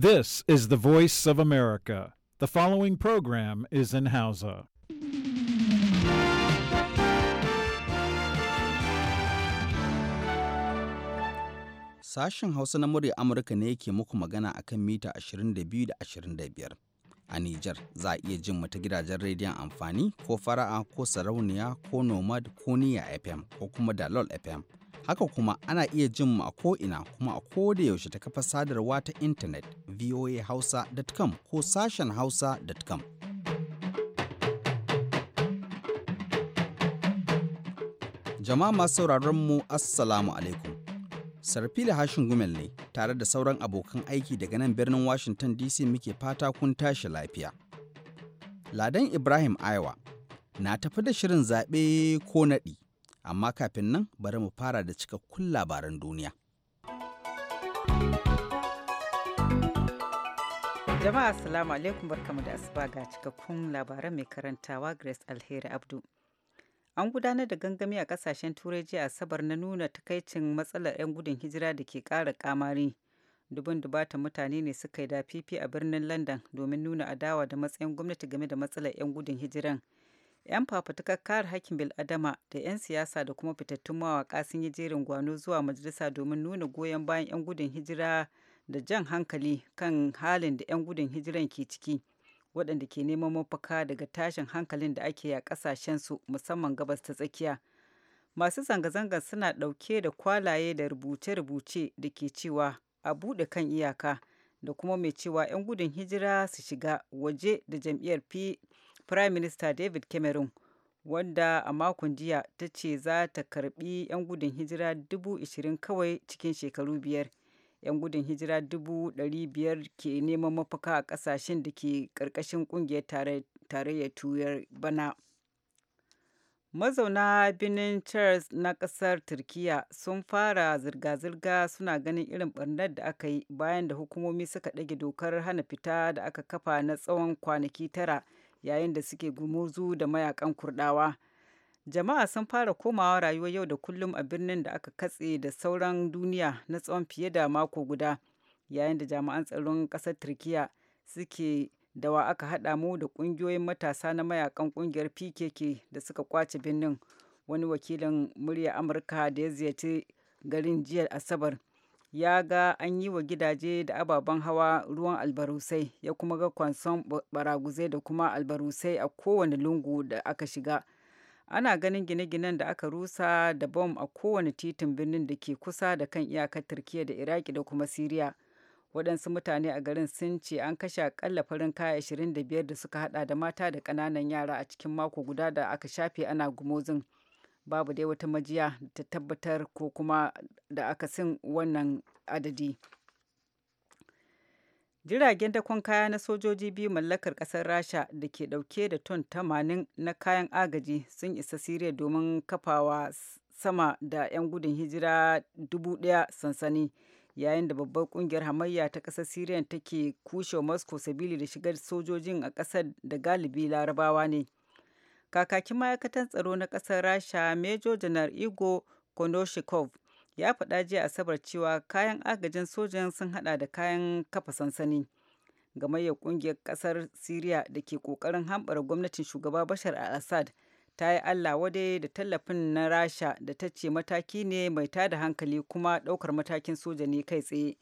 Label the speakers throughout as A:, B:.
A: This is the voice of America. The following program is in Hausa.
B: Sashen Hausa na murya Amurka ne yake muku magana a kan mita 22 da 25. A Nijar za a iya jin mata ta gidajen rediyon amfani ko fara'a ko sarauniya ko nomad ko niya FM ko kuma dalol FM. Haka kuma ana iya jin mu a ko'ina kuma a koda yaushe ta kafa sadarwa ta intanet voahausa.com ko sashen hausa.com. Jama'a masu sauraron mu Assalamu alaikum. Sarfila hashin gumel ne tare da sauran abokan aiki daga nan birnin Washington DC muke fata kun tashi lafiya. Ladan Ibrahim Aiwa na tafi da shirin zaɓe ko naɗi amma kafin nan bari mu fara da cikakkun labaran duniya.
A: Jama'a Assalamu alaikum barkamu da asuba ga cikakkun labaran mai karantawa Grace Alheri Abdu. An gudanar da gangami a kasashen Turai jiya Asabar na nuna takaicin matsalar 'yan gudun hijira da ke ƙara kamari. Dubin dubatan mutane ne suka yi da fifi a birnin London domin nuna adawa da matsayin gwamnati game da matsalar 'yan gudun hijiran. 'yan fafutukar kare hakkin bil'adama da 'yan siyasa da kuma fitattun mawaƙa sun yi jerin gwano zuwa majalisa domin nuna goyon bayan 'yan gudun hijira da jan hankali kan halin da 'yan gudun hijiran ke ciki waɗanda ke neman mafaka daga tashin hankalin da ake a su, musamman gabas ta tsakiya masu zanga zanga suna ɗauke da kwalaye da rubuce-rubuce da ke cewa a buɗe kan iyaka da kuma mai cewa 'yan gudun hijira su shiga waje da jam'iyyar Prime Minister David Cameron wadda a makon jiya ta ce za ta karbi 'yan gudun hijira dubu kawai cikin shekaru biyar. 'Yan gudun hijira dubu biyar ke neman mafaka a kasashen da ke ƙarƙashin ƙungiyar tarayyar turai bana. Mazauna birnin Charles na kasar turkiya sun fara zirga-zirga suna ganin irin barnar da aka yi bayan da hukumomi suka ɗage dokar hana fita da aka kafa na tsawon kwanaki tara yayin da suke gumuzu da mayakan kurdawa jama'a sun fara komawa rayuwar yau da kullum a birnin da aka katse da sauran duniya na tsawon fiye da mako guda yayin da jami'an tsaron ƙasar turkiya suke dawa aka haɗa mu da ƙungiyoyin matasa na mayakan ƙungiyar pkk da suka kwace birnin wani wakilin murya amurka da ya ziyarci garin jiya asabar ya ga an yi wa gidaje da ababen hawa ruwan albarusai ya kuma ga kwanson baraguzai da kuma albarusai a kowane lungu da aka shiga ana ganin gine-ginen da aka rusa da bom a kowane titin birnin da ke kusa da kan iyakar turkiya da iraki da kuma siriya waɗansu mutane a garin sun ce an kashe akalla farin kaya 25 da suka hada da mata da ƙananan yara a cikin mako guda da aka shafe ana gumozin. babu dai wata majiya ta tabbatar ko kuma da aka sin wannan adadi jiragen dakon kaya na sojoji biyu mallakar kasar rasha da ke dauke da ton tamanin na kayan agaji sun isa siriya domin kafawa sama da 'yan gudun hijira 1000 sansani yayin da babbar kungiyar hamayya ta kasar siriya take kushe moscow sabili da shigar sojojin a kasar da galibi larabawa ne Kakakin ma'aikatan tsaro na ƙasar Rasha Major Janar Igo konoshikov ya faɗa jiya Asabar cewa kayan agajin sojan sun hada da kayan kafa sansani. Gamayyar ƙungiyar ƙasar Siriya da ke ƙoƙarin hambara gwamnatin shugaba Bashar al-Assad ta yi Allah wadai da tallafin na Rasha da ta ce mataki ne mai tada hankali kuma ɗaukar matakin soja ne kai tsaye.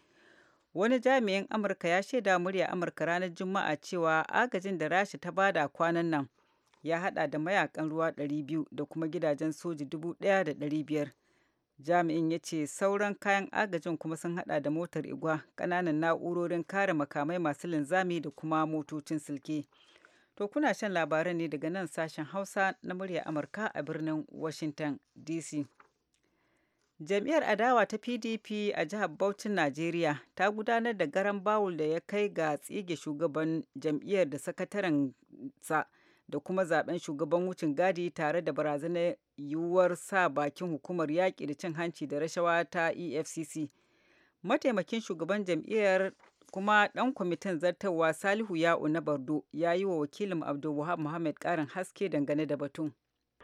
A: Wani jami'in Amurka ya shaida murya Amurka ranar Juma'a cewa agajin da Rasha ta bada kwanan nan ya hada da mayakan ruwa 200 da kuma gidajen soji 1,500 jami'in ya ce sauran kayan agajin kuma sun hada da motar igwa kananan na'urorin kare makamai masu linzami da kuma motocin silke to kuna shan labaran ne daga nan sashen hausa na murya amurka a birnin washington dc jam'iyyar adawa ta pdp a jihar Bauchin najeriya ta gudanar da garan bawul da ya kai ga tsige shugaban jam'iyyar da sakataren sa da kuma zaben shugaban wucin gadi tare da barazanar yiwuwar sa bakin hukumar yaƙi da cin hanci da rashawa ta efcc mataimakin shugaban jam'iyyar kuma ɗan kwamitin zartarwa salihu ya'u na bardo ya yi wa wakilin abdulwahab muhammad karin haske dangane da batun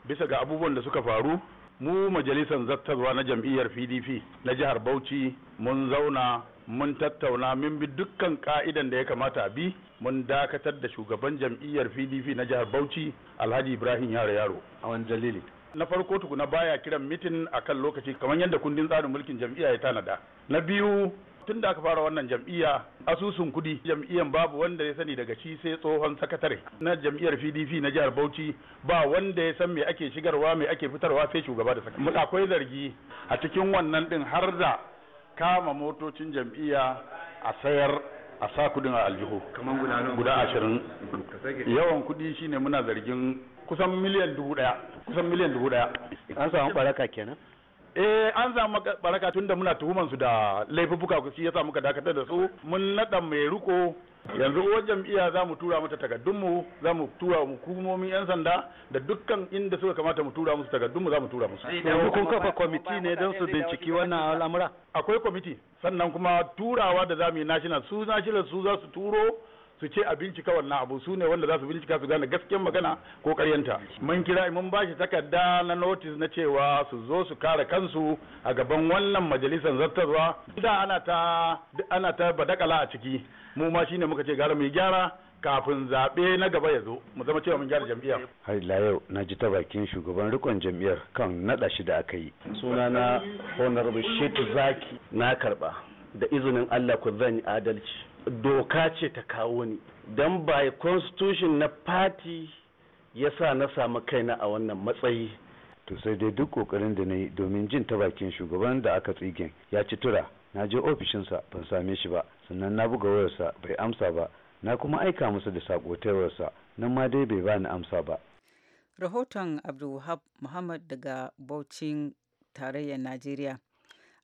C: bisa ga abubuwan da suka faru mu majalisar zartarwa na jam'iyyar pdp na jihar bauchi mun zauna mun tattauna min bi dukkan ka'idan da ya kamata bi mun dakatar da shugaban jam'iyyar pdp na jihar bauchi alhaji ibrahim yaro yaro a wani dalili na farko tukuna baya kiran mitin a kan lokaci kamar yadda kundin tsarin mulkin jam'iyya ya tanada na biyu tun da aka fara wannan jam'iyya asusun kudi jam'iyyan babu wanda ya sani daga shi sai tsohon sakatare na jam'iyyar pdp na jihar bauchi ba wanda ya san me ake shigarwa me ake fitarwa sai shugaba da sakatare akwai zargi a cikin wannan din har da kama motocin jam'iyya a sayar a sa kudin a aljihu guda ashirin yawan kudi shine muna zargin kusan miliyan dubu daya an samu baraka kenan eh an samu baraka tun da muna tuhuman su da laifuffuka shi yasa muka dakatar da su mun nada mai riko yanzu uwar jam'iyya za mu tura mata takardunmu za mu tura mu hukumomin yan sanda da dukkan inda suka kamata mu tura musu takardunmu za mu tura musu yanzu kun kafa kwamiti ne don su binciki wannan al'amura akwai kwamiti sannan kuma turawa da za mu yi national su national su za su turo su ce a bincika wannan abu su ne wanda za su bincika su gane gaskiyar magana ko karyanta mun kira mun bashi takarda na notice na cewa su zo su kare kansu a gaban wannan majalisar zartarwa da ana ta ana ta badakala a ciki mu ma shine muka ce gara mu gyara kafin zaɓe na gaba ya zo mu zama cewa mun gyara jam'iyyar.
D: Har ila yau na ji ta bakin shugaban rikon jam'iyyar kan naɗa shi da aka yi. Sunana Honorable Shetu Zaki na karɓa da izinin Allah ku zan adalci. doka ce ta kawo ni don by constitution na party ya sa na samu kaina a wannan matsayi to sai dai duk kokarin da na yi domin jin ta bakin shugaban da aka tsige ya ci tura na je ofishinsa ban same shi ba sannan na buga wayarsa bai amsa ba na kuma aika musu da sako nan ma dai bai bani amsa ba
A: rahoton abdulwahab muhammad daga bauchin tarayyar najeriya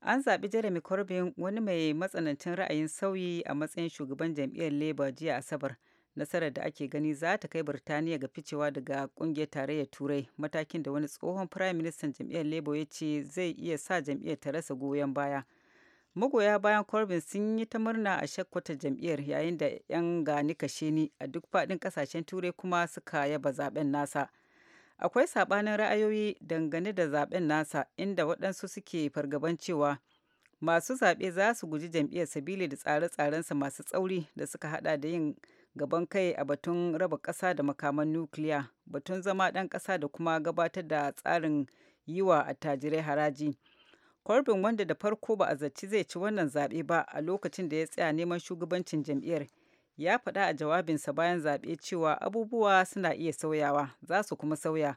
A: an zaɓi jeremy corbyn wani mai matsanancin ra'ayin sauyi a matsayin shugaban jam'iyyar labour jiya asabar nasarar da ake gani za ta kai birtaniya ga ficewa daga ƙungiyar tarayyar turai matakin da wani tsohon prime minister jam'iyyar labour ya ce zai iya sa jam'iyyar ta rasa goyon baya magoya bayan corbyn sun yi ta murna a shakkwatar jam'iyyar yayin da 'yan gani kashe ni a duk faɗin ƙasashen turai kuma suka yaba zaben nasa akwai sabanin ra'ayoyi dangane da zaben nasa inda waɗansu suke fargaban cewa masu zaɓe za su guji jam'iyyar sabili da tsare-tsarensa masu tsauri da suka hada da yin gaban kai a batun raba ƙasa da makaman nukiliya batun zama ɗan ƙasa da kuma gabatar da tsarin yiwa wa attajirai haraji korbin wanda da farko ba a zaci zai ci wannan zaɓe ba a lokacin da ya tsaya neman shugabancin jam'iyyar ya faɗa a jawabinsa bayan zaɓe cewa abubuwa suna iya sauyawa za su kuma sauya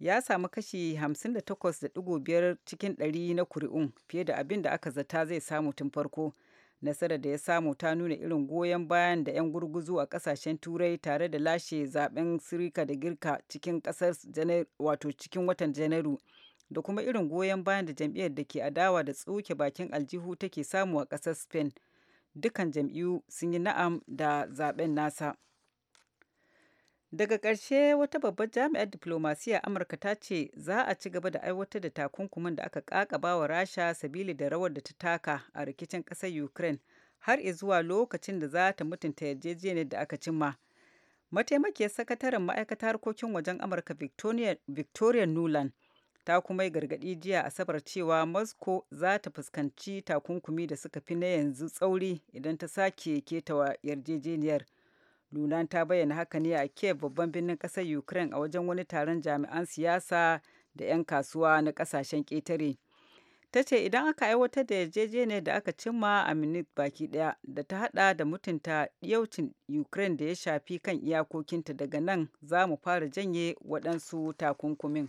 A: ya samu kashi 58.5 cikin 100 na kuri'un fiye da abin da aka zata zai samu tun farko nasarar da ya samu ta nuna irin goyon bayan da 'yan gurguzu a kasashen turai tare da lashe zaben sirika da girka cikin kasar wato cikin watan janairu da kuma irin goyon bayan da jam'iyyar da ke adawa da tsoke bakin aljihu take samu a kasar spain dukan jam'iyyu sun yi na'am da zaben nasa daga ƙarshe wata babbar jami'ar diplomasiyyar amurka ta ce za a ci gaba da aiwatar da takunkumin da aka kakaba wa rasha sabili da rawar da ta taka a rikicin ƙasar ukraine har zuwa lokacin da za ta mutunta yarjejeniyar da aka cimma mataimakiyar sakataren ma'aikatar harkokin wajen amurka victoria, victoria nuland ta kuma yi gargaɗi jiya asabar cewa moscow za ta fuskanci takunkumi da suka fi na yanzu tsauri idan ta sake ketawa yarjejeniyar lunan ta bayyana haka ne a kiev babban birnin ƙasar ukraine a wajen wani taron jami'an siyasa da 'yan kasuwa na ƙasashen ƙetare ta ce idan aka aiwatar da yarjejeniyar da aka cimma a minit baki daya da ta haɗa da mutunta yaucin ukraine da ya shafi kan iyakokinta daga nan za mu fara janye waɗansu takunkumin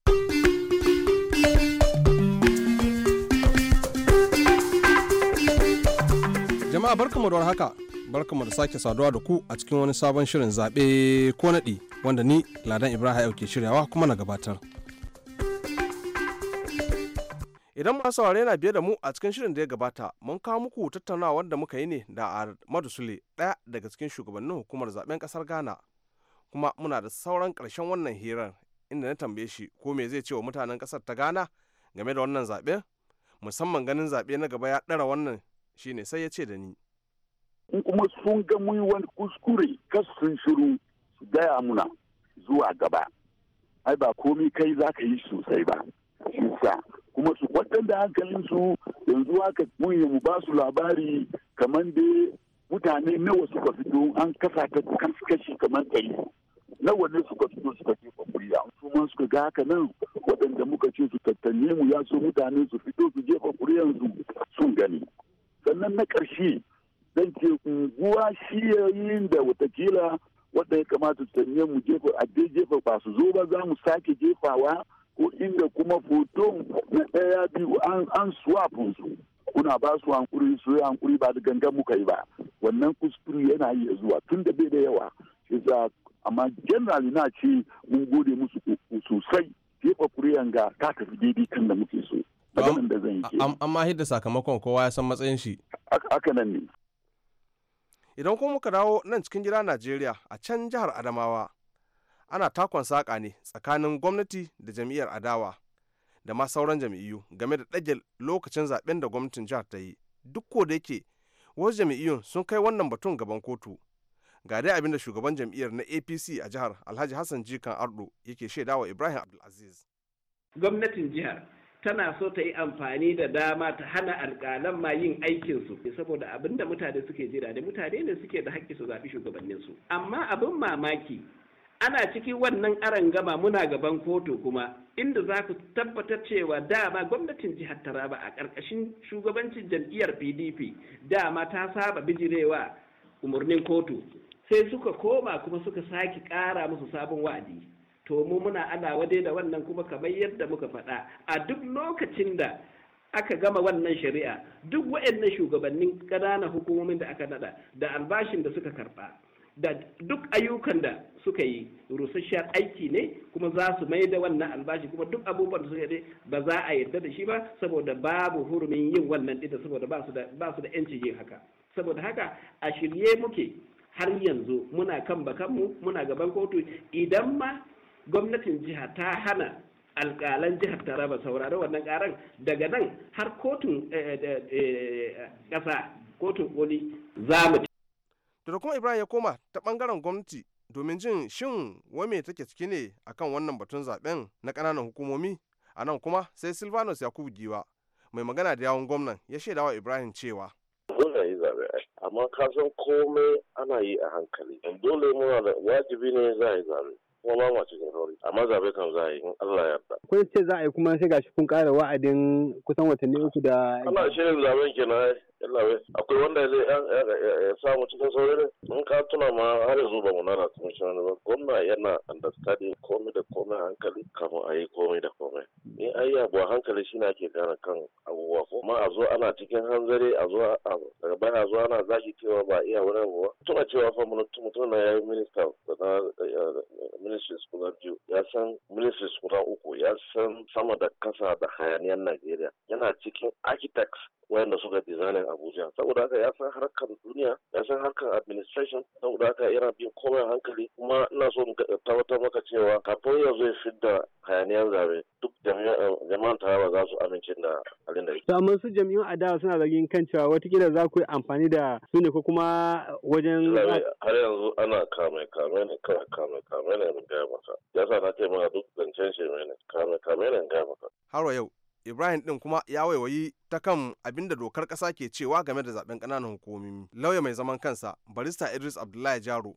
B: Jama'a barkamu
E: da haka barkamu da sake saduwa da ku a cikin wani sabon shirin zaɓe ko naɗi wanda ni Ladan Ibrahim ke shiryawa kuma na gabatar. Idan masu saurare na biye da mu a cikin shirin da ya gabata, mun kawo muku tattaunawar da muka yi ne da Ahmadu Sule, ɗaya daga cikin shugabannin hukumar zaɓen ƙasar Ghana. Kuma muna da sauran ƙarshen wannan hirar inda na tambaye shi ko me zai ce wa mutanen ƙasar ta Ghana game da wannan zaɓen? Musamman ganin zaɓe na gaba ya ɗara wannan shine sai ya ce da ni
C: in kuma sun ga mun wani kuskure kas sun shiru su gaya muna zuwa gaba ai ba komi kai za ka yi sosai ba shi sa kuma su waɗanda hankalin su yanzu haka mun mu ba su labari kamar da mutane nawa suka fito an kasa ta kashi kamar ɗari nawa ne suka fito suka jefa kuriya su ma suka ga haka nan waɗanda muka ce su tattane mu ya so mutane su fito su jefa yanzu sun gani sannan na ƙarshe zan ce unguwa shi shiyoyin da watakila wadda ya kamata sanye mu jefa a jefa ba su zo ba za mu sake jefawa ko inda kuma foto na ɗaya biyu an su kuna ba su hankuri su yi hankuri ba da gangan muka yi ba wannan kuskure yana iya zuwa tun da bai da yawa shi amma generally na ce mun gode musu sosai jefa kuriyan ga ta tafi daidai kan da muke so maganin
E: da sakamakon kowa ya san matsayin shi idan kuma muka dawo nan cikin gida najeriya a can jihar adamawa ana takon saƙa ne tsakanin gwamnati da jam'iyyar adawa da ma sauran jam'iyyu game da ɗage lokacin zaɓen da gwamnatin jihar ta yi duk ko da yake wasu jam'iyyun sun kai wannan batun gaban kotu ga dai abinda shugaban jam'iyyar na apc a jihar alhaji hassan
F: jikan ardo yake shaidawa ibrahim
E: abdulaziz
F: gwamnatin jihar tana so ta yi amfani da dama ta hana alƙalan ma yin aikinsu saboda abin da mutane suke jira da mutane ne suke da haƙƙi su zaɓi shugabanninsu amma abin mamaki ana cikin wannan aron gama muna gaban kotu kuma inda za ku tabbatar cewa dama gwamnatin jihar taraba a ƙarƙashin shugabancin jam'iyyar pdp dama ta saba bijirewa umarnin kotu sai suka koma kuma suka sake ƙara musu sabon wa'adi to mu muna alawa dai da wannan kuma kamar yadda muka faɗa a duk lokacin da aka gama wannan shari'a duk waɗannan shugabannin ƙananan hukumomin da aka nada da albashin da suka karɓa da duk ayyukan da suka yi rusasshen aiki ne kuma za su mai da wannan albashi kuma duk abubuwan da suka yi ba za a yarda da shi ba saboda babu hurumin yin wannan ita saboda ba su da yancin yin haka saboda haka a shirye muke har yanzu muna kan bakanmu muna gaban kotu idan ma gwamnatin jiha ta hana alƙalan jihar taraba raba saurari wannan ƙaran daga nan har kotun eh, eh, eh, ƙasa kotun koli
E: za mu da kuma ibrahim ya koma ta ɓangaren gwamnati domin jin shin wame take ciki ne akan wannan batun zaben na ƙananan hukumomi a nan kuma sai silvanus yakubu giwa mai magana da yawon gwamnan ya shaidawa ibrahim cewa
G: dole yi zaɓe amma ka komai ana yi a hankali dole muna da wajibi ne za a yi zaɓe kuma ma ma cikin sauri amma zabe kan za a yi in Allah ya yarda
D: akwai ce za a yi kuma sai gashi kun ƙara wa'adin kusan watanni uku da Allah shi
G: ne zaben kenan Allah akwai wanda zai ya samu cikin sauri ne in ka tuna ma har yanzu ba mu nana cikin shi ba gwamna yana understanding komai da komai hankali kafin a yi komai da komai ni ai abu hankali shine ake gane kan abubuwa ko ma a zo ana cikin hanzari a zo daga baya a zo ana zaki cewa ba iya wani abu ba tuna cewa fa mun mutum na yayi minister da ministry school biyu ya san ministry school uku ya sassan sama da kasa da hayaniyar Najeriya yana cikin architects wayanda suka dizanin Abuja saboda haka ya san harkar duniya ya san harkar administration saboda haka yana bin komai hankali kuma ina so in tabbatar maka cewa kafin ya zo ya fidda hayaniyar zabe duk jama'an taraba za su amince da halin da yake
F: amma su jami'an adawa suna zargin kan cewa watakila za ku yi amfani da su ne ko kuma wajen
G: har yanzu ana kame kame ne kama kame kame ne mun gaya maka ya sa na ce mana duk zancen shi ne kame nan
E: har yau Ibrahim din kuma ya waiwayi ta kan abin da dokar ƙasa ke cewa game da zaben ƙananan hukumomi. Lauya mai zaman kansa, barista Idris Abdullahi Jaro,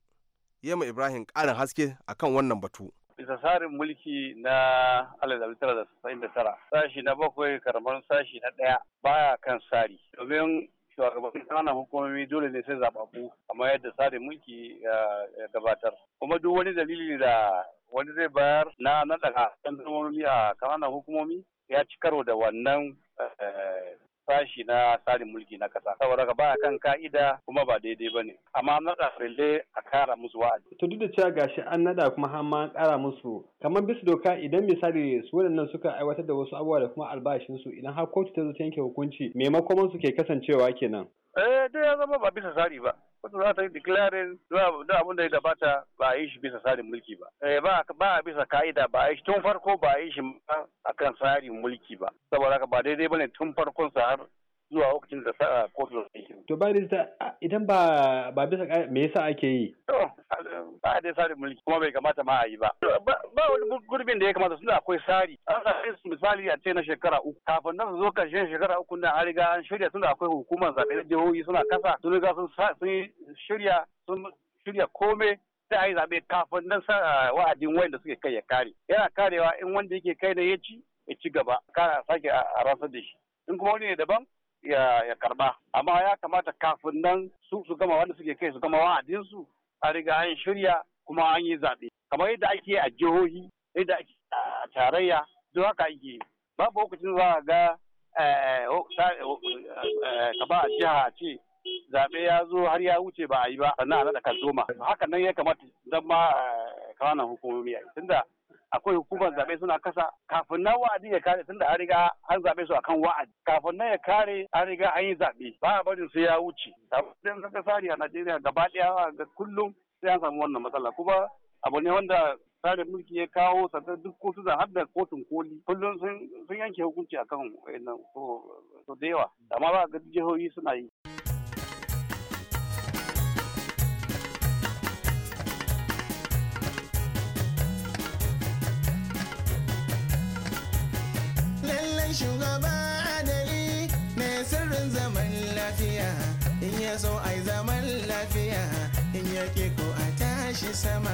E: ma Ibrahim karin haske akan wannan batu.
D: bisa tsarin mulki na 1999 sashi na bakwai karamar sashi na ɗaya baya kan tsari domin shugabannin ƙananan hukumomi dole ne sai zaɓaɓɓu kamar yadda tsarin mulki ya gabatar kuma duk wani dalili da wani zai bayar na naɗa a kananan hukumomi ya ci karo da wannan eh, sashi na tsarin mulki na kasa saboda ka a kan ka'ida kuma ba daidai ba ne amma an naɗa a kara musu wa'adi.
H: to duk da cewa gashi an naɗa kuma har ma kara musu kamar bisa doka idan misali su waɗannan suka aiwatar da wasu abubuwa da kuma albashinsu idan har kotu ta zo ta yanke hukunci maimakon su ke kasancewa kenan.
D: eh da ya zama ba bisa tsari ba wata za ta yi declaring da abin da ya gabata ba a yi shi bisa tsarin mulki eh, ba ba a bisa ka'ida ba a yi shi tun farko ba a yi shi akan tsarin mulki ba saboda ka ba daidai bane tun farkon sa har zuwa lokacin da sa kotu
F: to da idan
H: ba ba bisa me yasa ake yi
D: ba da sari mulki kuma bai kamata ma a yi ba ba wani gurbin da ya kamata suna akwai sari an sari su misali a ce na shekara uku kafin nan su zo karshen shekara uku na an riga an shirya suna akwai hukumar zaɓe jihohi suna kasa sun riga sun shirya sun shirya komai sai a yi zaɓe kafin nan wa'adin da suke kai ya kare yana karewa in wanda yake kai na ya ci ya ci gaba kara sake a rasar da shi in kuma wani ne daban ya karba amma ya kamata kafin nan su su gama wanda suke kai su gama su a riga an shirya kuma an yi zaɓe kamar yadda ake a jihohi yadda ake
G: a tarayya
D: don haka ake babu lokacin za eh, oh, oh, eh, a ga kaba a jiha ce zaɓe ya zo har ya wuce ba a yi ba sannan a naɗa kaldoma haka nan ya kamata zama kananan eh, hukumomi a tunda akwai hukumar eh. zaɓe suna kasa kafin nan wa'adi ya kare tunda an riga an zaɓe su akan wa'adi kafin nan ya kare an riga an yi zaɓe ba a barin su ya wuce sabon kasa tsari a Najeriya gaba ɗaya ga kullum sai an samu wannan matsala kuma abu ne wanda tsarin mulki ya kawo sannan duk kotu da har kotun koli kullum sun yanke hukunci akan wannan so da yawa amma ba ga jihohi suna yi.
I: so ai zaman lafiya in yake ko a tashi sama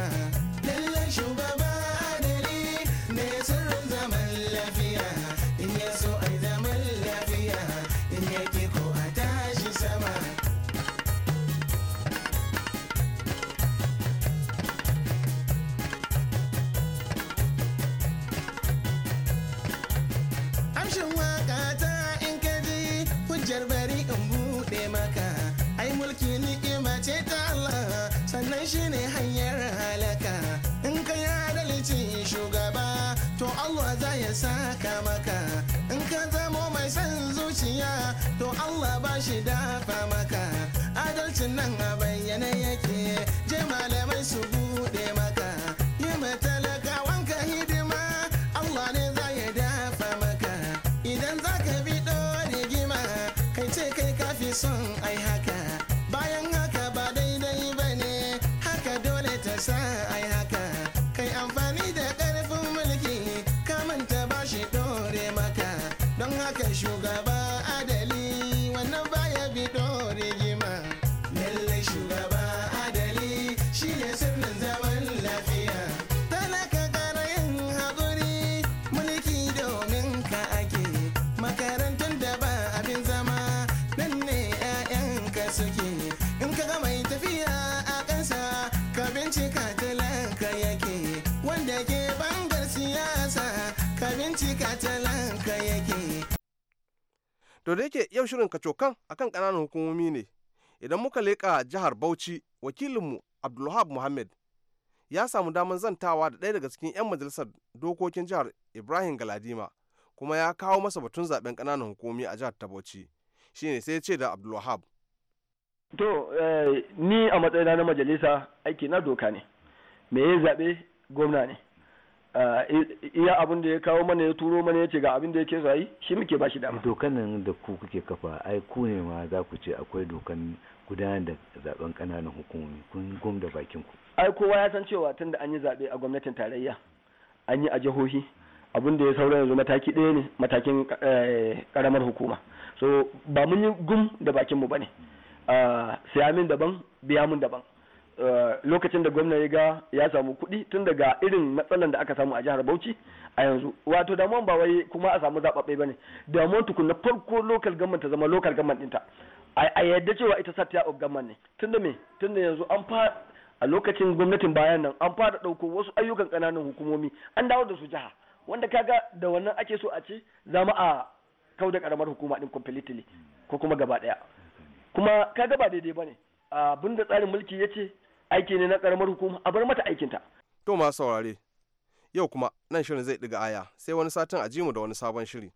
E: To da yake yau shirin kacokan akan ƙananan hukumomi ne, idan muka leƙa jihar Bauchi wakilinmu Abdulwahab Muhammad ya samu damar zantawa da ɗaya daga cikin 'yan majalisar dokokin jihar Ibrahim Galadima kuma ya kawo masa batun zaben ƙananan hukumomi a jihar ta Bauchi. Shi ne sai ya ce da Abdulwahab. To, eh,
J: ni a matsayina na majalisa aiki na doka ne, me ya zaɓe gwamna ne. Eh, iya abin da ya kawo mana ya turo mana ya ce ga abin da yake sayi shi muke ba shi dama
K: dokan nan da ku kuke kafa ai ku ne ma za ku ce akwai dokan gudanar da zaben kananan hukumomi kun gum da bakin ku
J: ai kowa ya san cewa tunda an yi zabe a gwamnatin tarayya an yi a jihohi abin da ya saura yanzu mataki ɗaya ne matakin karamar eh, hukuma so ba mun yi gum da bakin mu bane eh, amin daban biya mun daban Eh, lokacin da gwamna ya ga ya samu kuɗi tun daga irin matsalan da aka samu a jihar Bauchi a yanzu wato damuwan ba wai kuma a samu zaɓaɓɓe bane damuwan tukun na farko local government ta zama local government ɗinta a yadda cewa ita sa tiya of government ne tunda me tunda yanzu an fa a lokacin gwamnatin bayan nan an fara ɗauko wasu ayyukan ƙananan hukumomi an dawo da su jiha wanda kaga da wannan ake so a ce zama a kauda da karamar hukuma din completely ko kuma gaba daya kuma kaga ba daidai bane ah, abinda da tsarin mulki ya ce aiki ne na karamar hukuma a bar mata aikinta to ma saurare
E: yau kuma nan shirin zai ɗiga aya sai wani satin a ji mu da wani sabon shiri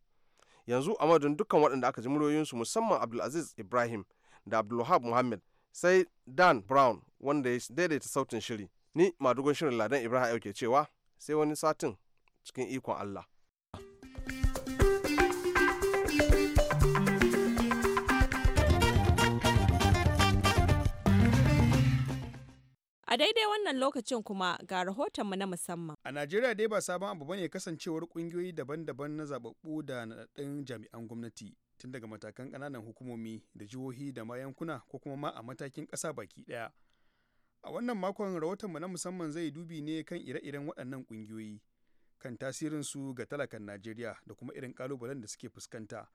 E: yanzu a madadin dukkan waɗanda aka ji muryoyinsu musamman abdulaziz ibrahim da abdulwahab muhammad sai dan brown wanda ya daidaita sautin shiri ni madugon shirin ladan ibrahim ke cewa sai wani satin cikin ikon allah
A: A daidai wannan lokacin kuma ga rahoton rahotonmu na musamman.
G: A
H: Najeriya dai ba sabon abu bane kasancewar kungiyoyi daban-daban na zababbu da naɗaɗɗun jami'an gwamnati tun daga matakan ƙananan hukumomi da jihohi da ma yankuna ko kuma ma a matakin ƙasa baki ɗaya. A wannan makon rahoton rahotonmu na musamman zai dubi ne kan ire-iren waɗannan kungiyoyi kan tasirinsu ga talakan Najeriya da kuma irin ƙalubalen da suke fuskanta.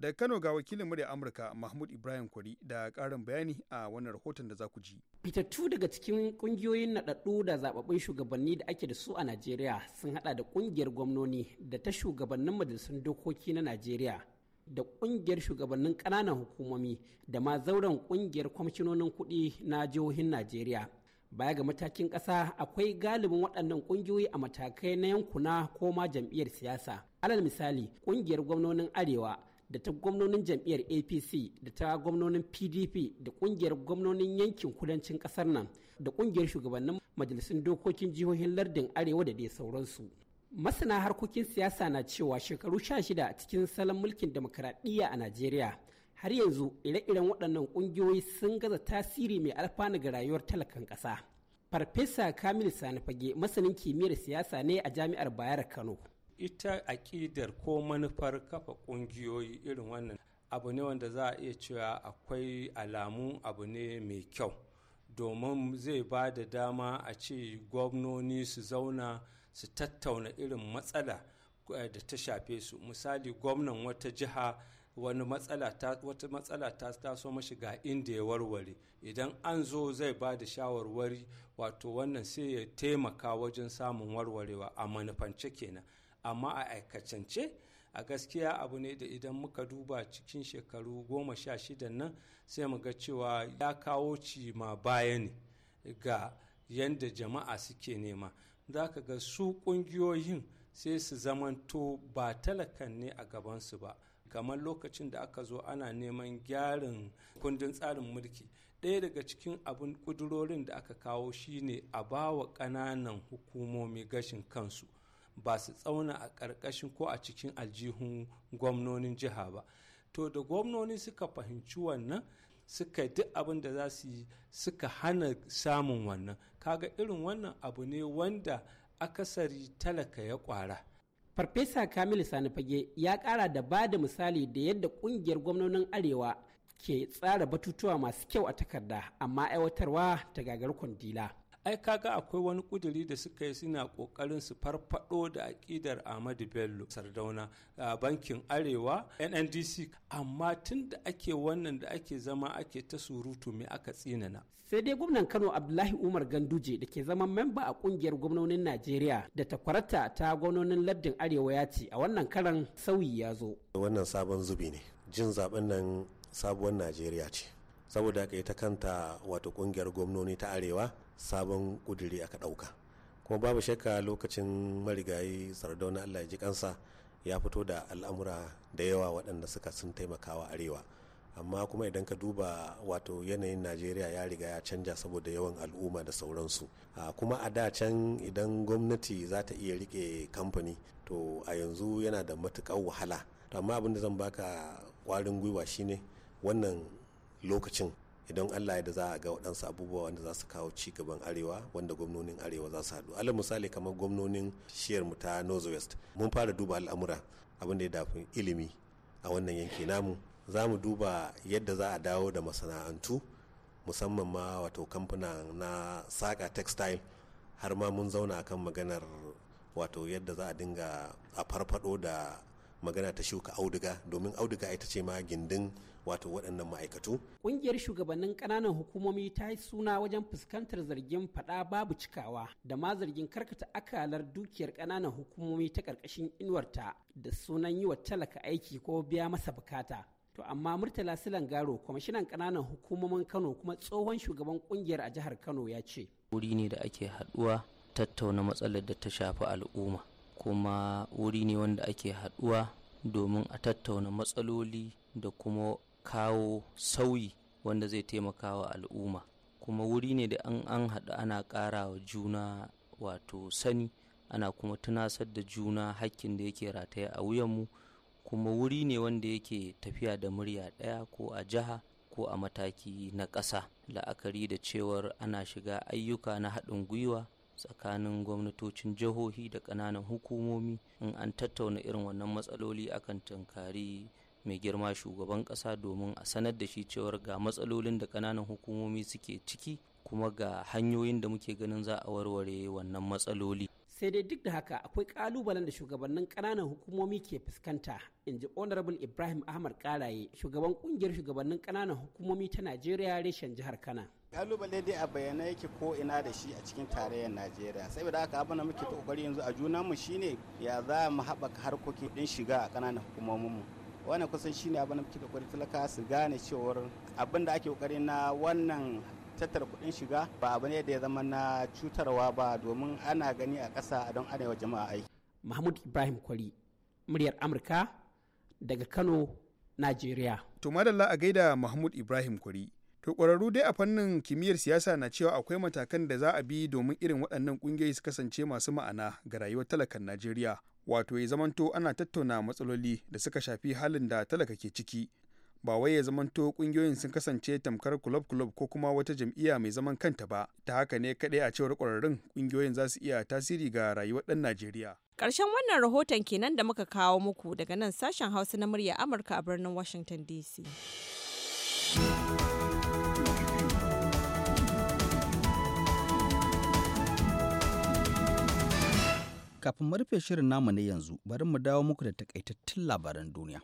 H: Daga Kano ga wakilin murya Amurka Mahmud Ibrahim Kwari da karin bayani a wannan
L: rahoton da za ku ji. Fitattu daga cikin ƙungiyoyin naɗaɗɗu da zababbun shugabanni da ake da su a Najeriya sun haɗa da ƙungiyar gwamnoni da ta shugabannin majalisun dokoki na Najeriya da ƙungiyar shugabannin ƙananan hukumomi da ma zauren ƙungiyar kwamishinonin kuɗi na jihohin Najeriya. Baya ga matakin ƙasa akwai galibin waɗannan ƙungiyoyi a matakai na yankuna ko ma jam'iyyar siyasa. alal misali ƙungiyar gwamnonin arewa da ta gwamnonin jam'iyyar apc da ta gwamnonin pdp da kungiyar gwamnonin yankin kudancin kasar nan da kungiyar shugabannin majalisun dokokin jihohin lardin arewa da dai sauransu masana harkokin siyasa na cewa shekaru sha shida cikin salon mulkin demokradiyya a najeriya har yanzu ire-iren waɗannan ƙungiyoyi sun gaza tasiri mai alfanu ga rayuwar talakan ƙasa farfesa kamil sanifage masanin kimiyyar siyasa ne a jami'ar bayar kano
K: ita aƙidar ko manufar kafa ƙungiyoyi irin wannan abu ne wanda za a iya cewa akwai alamu abu ne mai kyau domin zai ba da dama a ce gwamnoni su zauna su tattauna irin matsala eh, da ta shafe su misali gwamnan wata jiha wani matsala ta matsala ta taso mashi ga inda ya warware idan an zo zai ba da shawarwari wato wannan sai ya taimaka wajen samun warwarewa a manufance kenan amma a aikacance a gaskiya abu ne da idan muka duba cikin shekaru goma sha shidan nan sai mu ga cewa ya kawo cima baya ne ga yadda jama'a suke nema za ka ga su ƙungiyoyin sai su zamanto ba talakan ne a gabansu ba kamar lokacin da aka zo ana neman gyaran kundin tsarin mulki ɗaya daga cikin abin ƙudurorin da aka kawo shine a bawa ƙananan hukumomi gashin kansu ba su tsauna a ƙarƙashin ko a cikin aljihun gwamnonin jiha ba to da gwamnoni suka fahimci wannan suka yi duk abin da za su yi suka hana samun wannan kaga irin wannan abu ne wanda akasari talaka ya kwara farfesa kamilu sani fage ya kara da ba da
L: misali da yadda kungiyar gwamnonin arewa ke tsara batutuwa masu kyau a takarda amma aiwatarwa ta gagar kwandila
K: ai kaga akwai wani kuduri da suka yi suna kokarin su farfado da akidar Ahmadu Bello Sardauna a bankin Arewa NNDC amma tun da ake wannan da ake zama ake ta surutu me aka
L: tsinana sai dai gwamnan Kano Abdullahi Umar Ganduje da ke zaman memba a kungiyar gwamnonin Najeriya da takwarata ta gwamnonin labdin Arewa ya ce a wannan karan sauyi ya zo
M: wannan sabon zubi ne jin zaben nan sabuwar Najeriya ce saboda ka yi ta kanta wato kungiyar gwamnoni ta arewa sabon kuduri aka ɗauka kuma babu shakka lokacin marigayi sardauna allah ji kansa ya fito da al'amura da yawa waɗanda suka sun taimakawa arewa amma kuma idan ka duba wato yanayin najeriya ya riga ya canja saboda yawan al'umma da sauransu kuma a da can idan gwamnati za ta iya rike kamfani to a yanzu yana da matukar wahala amma abin da zan baka kwarin gwiwa shine wannan lokacin idan allah ya da za a ga waɗansu abubuwa wanda za su kawo ci gaban arewa wanda gwamnonin arewa za su haɗu alal misali kamar gwamnonin shiyar mu ta northwest mun fara duba al'amura abin da ya dafi ilimi a wannan yanki namu za mu duba yadda za a dawo da masana'antu musamman ma wato kamfuna na saka textile har ma mun zauna kan maganar wato yadda za a dinga a farfado da magana ta shuka auduga domin auduga ita ce ma gindin wato waɗannan ma'aikatu.
L: Ƙungiyar shugabannin ƙananan hukumomi ta yi suna wajen fuskantar zargin faɗa babu cikawa da ma zargin karkata akalar dukiyar ƙananan hukumomi ta ƙarƙashin inuwarta da sunan yi wa talaka aiki ko biya masa bukata. To amma Murtala Silan Garo, kwamishinan ƙananan hukumomin Kano kuma tsohon shugaban ƙungiyar a jihar Kano ya ce.
K: Wuri ne da ake haɗuwa tattauna matsalar da ta shafi al'umma. kuma wuri ne wanda ake haɗuwa domin a tattauna matsaloli da kuma kawo sauyi wanda zai taimaka wa al'umma kuma wuri ne da an an haɗu ana ƙara wa juna wato sani ana kuma tunasar da juna hakkin da yake rataye a wuyanmu kuma wuri ne wanda yake tafiya da murya ɗaya ko a jiha ko a mataki na ƙasa la'akari da cewar ana shiga ayyuka na haɗin gwiwa tsakanin gwamnatocin jihohi da ƙananan hukumomi in an tattauna irin wannan matsaloli akan tunkari mai girma shugaban ƙasa domin a sanar da shi cewar ga matsalolin da ƙananan hukumomi suke ciki kuma ga hanyoyin da muke ganin za a warware wannan matsaloli sai
L: dai duk da haka akwai kalubalen da shugabannin ƙananan hukumomi ke fuskanta in ji honorable ibrahim ahmad karaye shugaban kungiyar shugabannin ƙananan hukumomi ta najeriya reshen jihar kana
F: kalubale dai a bayyana yake ko ina da shi a cikin tarayyar najeriya saboda aka abin da muke ta kokari yanzu a mu shine ya za mu haɓaka harkokin ɗin shiga a ƙananan mu wani kusan shine abin da muke kokari talaka su gane cewar abin da ake kokari na wannan tattara kuɗin shiga ba abu ne da ya zama na cutarwa ba domin ana gani a ƙasa don arewa jama'a aiki.
L: mahmud ibrahim kwari muryar amurka daga kano
H: najeriya to madalla a gaida mahmud ibrahim kwari To ƙwararru dai a fannin kimiyyar siyasa na cewa akwai matakan da za a bi domin irin waɗannan ƙungiyoyi su kasance masu ma'ana ga rayuwar talakan Najeriya. Wato ya zamanto ana tattauna matsaloli da suka shafi halin da talaka ke ciki. Ba wai ya zamanto ƙungiyoyin sun kasance tamkar kulob-kulob ko kuma wata jam'iyya mai zaman kanta ba. Ta haka ne kaɗai a cewar ƙwararrun ƙungiyoyin za su iya tasiri ga rayuwar ɗan Najeriya.
A: Ƙarshen wannan rahoton kenan da muka kawo muku daga nan sashen Hausa na murya Amurka a birnin Washington DC.
B: Kafin mu shirin namu na yanzu, bari mu dawo muku da takaitattun labaran duniya.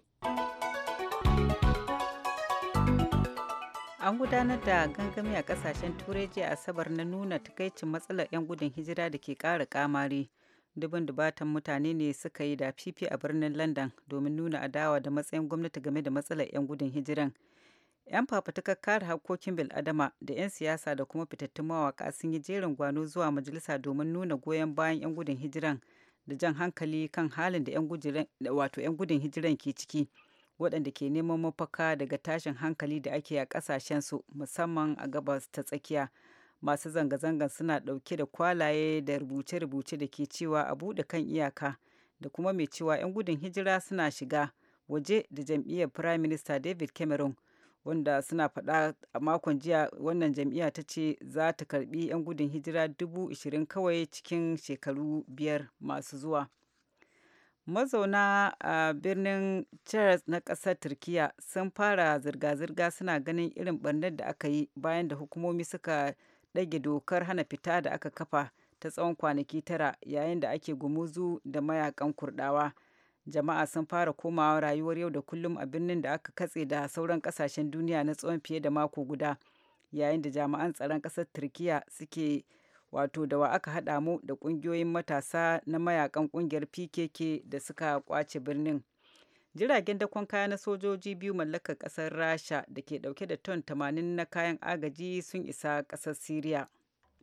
A: An gudanar da gangami a kasashen Turai jiya Asabar na nuna takaicin matsalar 'yan gudun hijira da ke kara kamari. Dubin dubatan mutane ne suka yi da fifi a birnin London domin nuna adawa da matsayin gwamnati game da matsalar 'yan gudun hijiran. 'Yan fafutukar kare harkokin bil'adama da 'yan siyasa da kuma fitattun mawaka sun yi jerin gwano zuwa majalisa domin nuna goyon bayan 'yan gudun hijiran da jan hankali kan halin da 'yan gudun hijiran ke ciki waɗanda ke neman mafaka daga tashin hankali da ake a ƙasashensu musamman a gabas ta tsakiya. masu zanga zangan suna ɗauke da kwalaye da rubuce-rubuce da ke cewa a buɗe kan iyaka da kuma mai cewa 'yan gudun hijira suna shiga waje da jam'iyyar prime minister david cameron wanda suna faɗa a makon jiya wannan jam'iyya ta ce za ta karbi 'yan gudun hijira dubu ishirin kawai cikin shekaru biyar masu zuwa mazauna a birnin charles na ƙasar turkiya sun fara zirga-zirga suna ganin irin barnar da aka yi bayan da hukumomi suka ɗage dokar hana fita da aka kafa ta tsawon kwanaki tara yayin da ake gumuzu da mayakan kurdawa jama'a sun fara komawa rayuwar yau da kullum a birnin da aka katse da sauran kasashen duniya na tsawon fiye da mako guda yayin da jami'an tsaron ƙasar turkiya suke wato da wa aka haɗa mu da ƙungiyoyin matasa na mayakan ƙungiyar pkk da suka kwace birnin jiragen dakon kaya na sojoji biyu mallakar ƙasar rasha da ke ɗauke da ton tamanin na kayan agaji sun isa ƙasar syria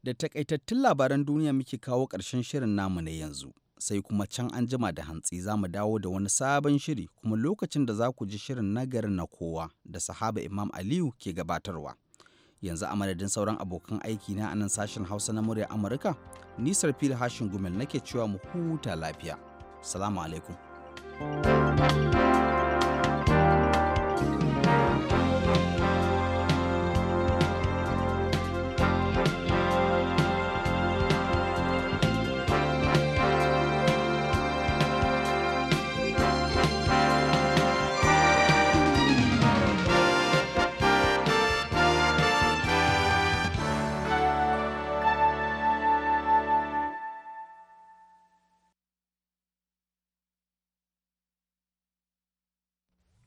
B: da takaitattun labaran duniya muke kawo ƙarshen shirin namu na yanzu sai kuma can an jima da hantsi za mu dawo da wani sabon shiri kuma lokacin da za ku ji shirin nagari na kowa da sahaba Imam Aliyu ke gabatarwa. Yanzu a madadin sauran abokan aiki na anan sashen Hausa na murya Amurka, nisar fili hashin gumel nake cewa mu huta lafiya. Salamu alaikum. thank
G: you